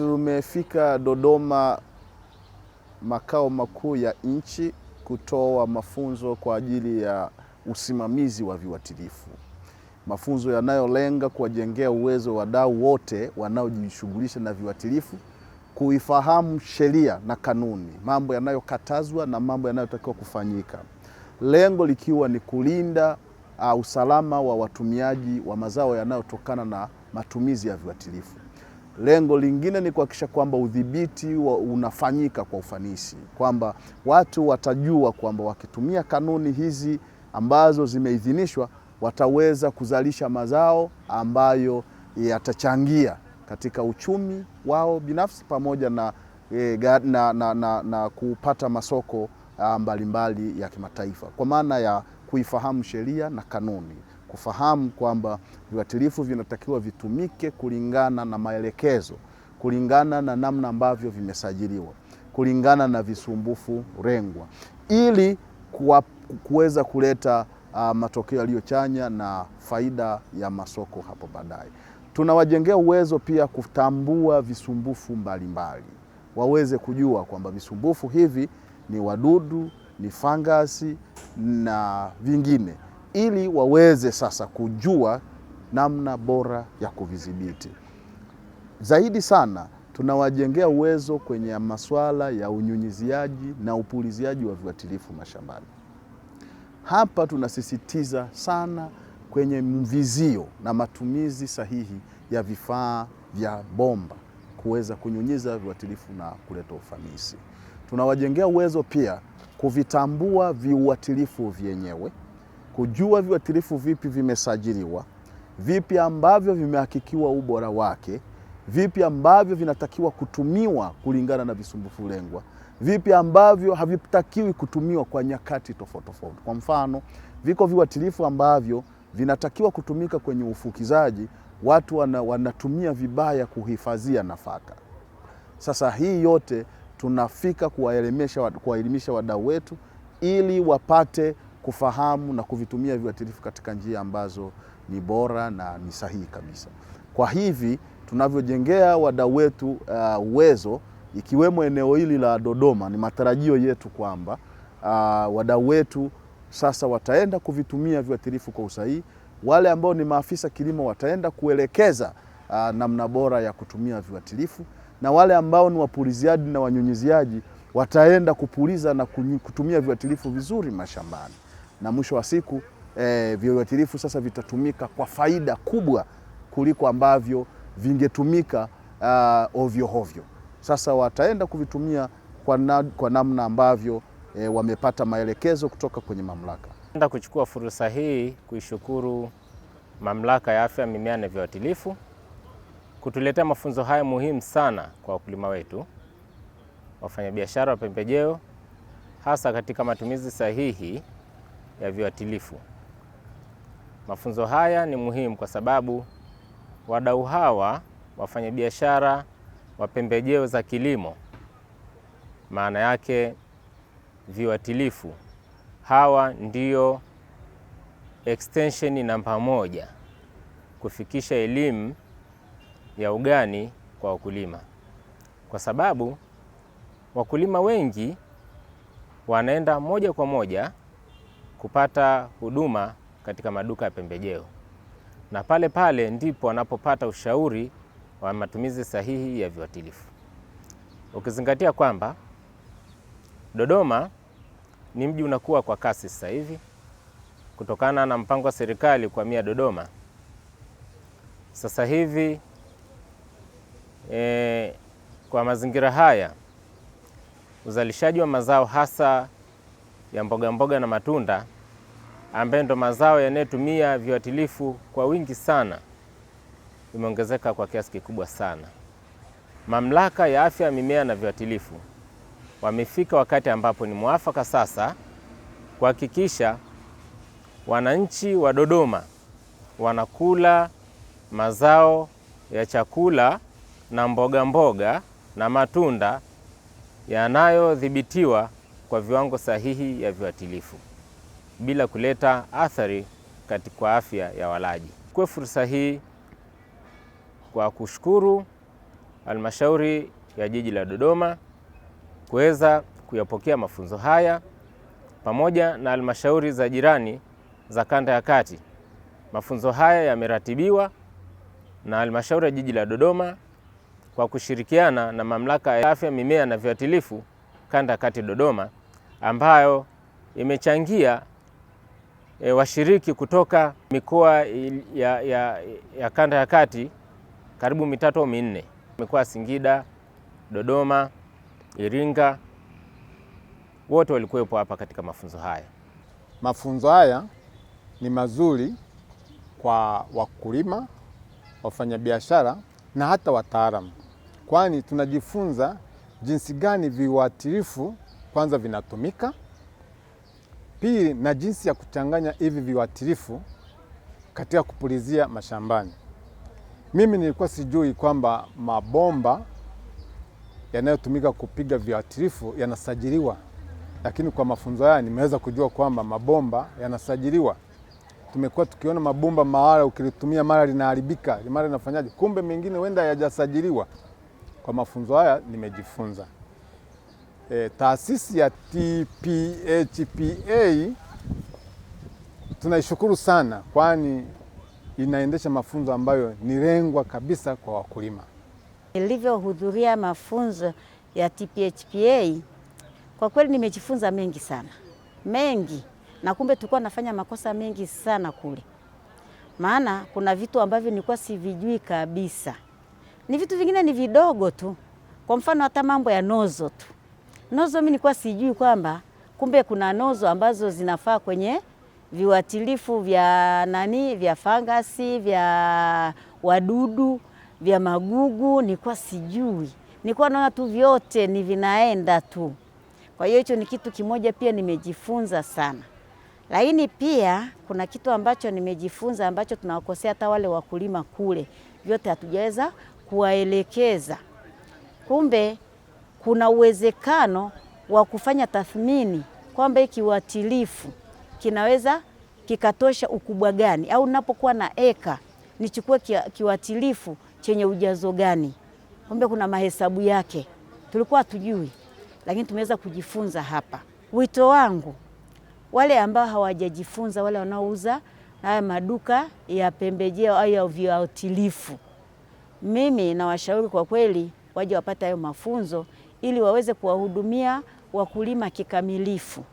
Tumefika Dodoma, makao makuu ya nchi, kutoa mafunzo kwa ajili ya usimamizi wa viuatilifu, mafunzo yanayolenga kuwajengea uwezo wadau wote wanaojishughulisha na viuatilifu kuifahamu sheria na kanuni, mambo yanayokatazwa na mambo yanayotakiwa kufanyika, lengo likiwa ni kulinda uh, usalama wa watumiaji wa mazao yanayotokana na matumizi ya viuatilifu. Lengo lingine ni kuhakikisha kwamba udhibiti unafanyika kwa ufanisi, kwamba watu watajua kwamba wakitumia kanuni hizi ambazo zimeidhinishwa wataweza kuzalisha mazao ambayo yatachangia katika uchumi wao binafsi pamoja na, e, na, na, na, na kupata masoko ah, mbalimbali mbali ya kimataifa kwa maana ya kuifahamu sheria na kanuni kufahamu kwamba viuatilifu vinatakiwa vitumike kulingana na maelekezo, kulingana na namna ambavyo vimesajiliwa, kulingana na visumbufu rengwa, ili kuweza kuleta uh, matokeo yaliyochanya na faida ya masoko hapo baadaye. Tunawajengea uwezo pia kutambua visumbufu mbalimbali mbali. Waweze kujua kwamba visumbufu hivi ni wadudu, ni fangasi na vingine ili waweze sasa kujua namna bora ya kuvidhibiti. Zaidi sana tunawajengea uwezo kwenye masuala ya unyunyiziaji na upuliziaji wa viuatilifu mashambani. Hapa tunasisitiza sana kwenye mvizio na matumizi sahihi ya vifaa vya bomba kuweza kunyunyiza viuatilifu na kuleta ufanisi. Tunawajengea uwezo pia kuvitambua viuatilifu vyenyewe kujua viuatilifu vipi vimesajiliwa, vipi ambavyo vimehakikiwa ubora wake, vipi ambavyo vinatakiwa kutumiwa kulingana na visumbufu lengwa, vipi ambavyo havitakiwi kutumiwa kwa nyakati tofauti tofauti. Kwa mfano, viko viuatilifu ambavyo vinatakiwa kutumika kwenye ufukizaji, watu wana, wanatumia vibaya kuhifadhia nafaka. Sasa hii yote tunafika kuwaelimisha wadau wetu ili wapate kufahamu na kuvitumia viuatilifu katika njia ambazo ni bora na ni sahihi kabisa. Kwa hivi tunavyojengea wadau wetu uh, uwezo ikiwemo eneo hili la Dodoma, ni matarajio yetu kwamba uh, wadau wetu sasa wataenda kuvitumia viuatilifu kwa usahihi. Wale ambao ni maafisa kilimo wataenda kuelekeza uh, namna bora ya kutumia viuatilifu, na wale ambao ni wapuliziaji na wanyunyiziaji wataenda kupuliza na kutumia viuatilifu vizuri mashambani na mwisho wa siku e, eh, viuatilifu sasa vitatumika kwa faida kubwa kuliko ambavyo vingetumika uh, ovyo hovyo. Sasa wataenda kuvitumia kwa, na, kwa namna ambavyo e, wamepata maelekezo kutoka kwenye mamlaka. Enda kuchukua fursa hii kuishukuru Mamlaka ya Afya Mimea na Viuatilifu kutuletea mafunzo haya muhimu sana kwa wakulima wetu, wafanyabiashara wa pembejeo, hasa katika matumizi sahihi ya viuatilifu. Mafunzo haya ni muhimu kwa sababu wadau hawa wafanyabiashara wa pembejeo za kilimo, maana yake viuatilifu hawa ndio extension namba moja kufikisha elimu ya ugani kwa wakulima, kwa sababu wakulima wengi wanaenda moja kwa moja kupata huduma katika maduka ya pembejeo, na pale pale ndipo wanapopata ushauri wa matumizi sahihi ya viuatilifu, ukizingatia kwamba Dodoma ni mji unakuwa kwa kasi sasa hivi kutokana na mpango wa serikali kuhamia Dodoma. Sasa hivi e, kwa mazingira haya uzalishaji wa mazao hasa ya mboga mboga na matunda ambayo ndo mazao yanayotumia viuatilifu kwa wingi sana imeongezeka kwa kiasi kikubwa sana. Mamlaka ya Afya ya Mimea na Viuatilifu wamefika wakati ambapo ni mwafaka sasa kuhakikisha wananchi wa Dodoma wanakula mazao ya chakula na mboga mboga na matunda yanayodhibitiwa kwa viwango sahihi ya viuatilifu bila kuleta athari katika afya ya walaji. Kwa fursa hii kwa kushukuru halmashauri ya jiji la Dodoma kuweza kuyapokea mafunzo haya pamoja na halmashauri za jirani za kanda ya kati. Mafunzo haya yameratibiwa na halmashauri ya jiji la Dodoma kwa kushirikiana na mamlaka ya afya mimea na viuatilifu kanda ya kati Dodoma ambayo imechangia e, washiriki kutoka mikoa ya, ya, ya kanda ya kati karibu mitatu au minne, mikoa Singida, Dodoma, Iringa, wote walikuwepo hapa katika mafunzo haya. Mafunzo haya ni mazuri kwa wakulima, wafanyabiashara na hata wataalamu, kwani tunajifunza jinsi gani viuatilifu kwanza vinatumika Pili, na jinsi ya kuchanganya hivi viwatilifu katika kupulizia mashambani. Mimi nilikuwa sijui kwamba mabomba yanayotumika kupiga viwatilifu yanasajiliwa, lakini kwa mafunzo haya nimeweza kujua kwamba mabomba yanasajiliwa. Tumekuwa tukiona mabomba mahala ukilitumia mara linaharibika, mara linafanyaje, kumbe mengine huenda hayajasajiliwa. Kwa mafunzo haya nimejifunza e, taasisi ya TPHPA tunaishukuru sana, kwani inaendesha mafunzo ambayo ni lengwa kabisa kwa wakulima. Nilivyohudhuria mafunzo ya TPHPA kwa kweli nimejifunza mengi sana, mengi na kumbe tulikuwa nafanya makosa mengi sana kule, maana kuna vitu ambavyo nilikuwa sivijui kabisa. Ni vitu vingine ni vidogo tu, kwa mfano hata mambo ya nozo tu Nozo mimi nilikuwa sijui kwamba kumbe kuna nozo ambazo zinafaa kwenye viuatilifu vya nani vya fangasi vya wadudu vya magugu, nilikuwa sijui, nilikuwa naona tu vyote ni vinaenda tu. Kwa hiyo hicho ni kitu kimoja pia nimejifunza sana, lakini pia kuna kitu ambacho nimejifunza ambacho tunawakosea hata wale wakulima kule, vyote hatujaweza kuwaelekeza kumbe kuna uwezekano wa kufanya tathmini kwamba kiuatilifu kinaweza kikatosha ukubwa gani, au ninapokuwa na eka nichukue kiuatilifu chenye ujazo gani. Kumbe kuna mahesabu yake, tulikuwa hatujui, lakini tumeweza kujifunza hapa. Wito wangu wale ambao hawajajifunza, wale wanaouza haya maduka ya pembejeo au ya viuatilifu, mimi nawashauri kwa kweli waje wapate hayo mafunzo ili waweze kuwahudumia wakulima kikamilifu.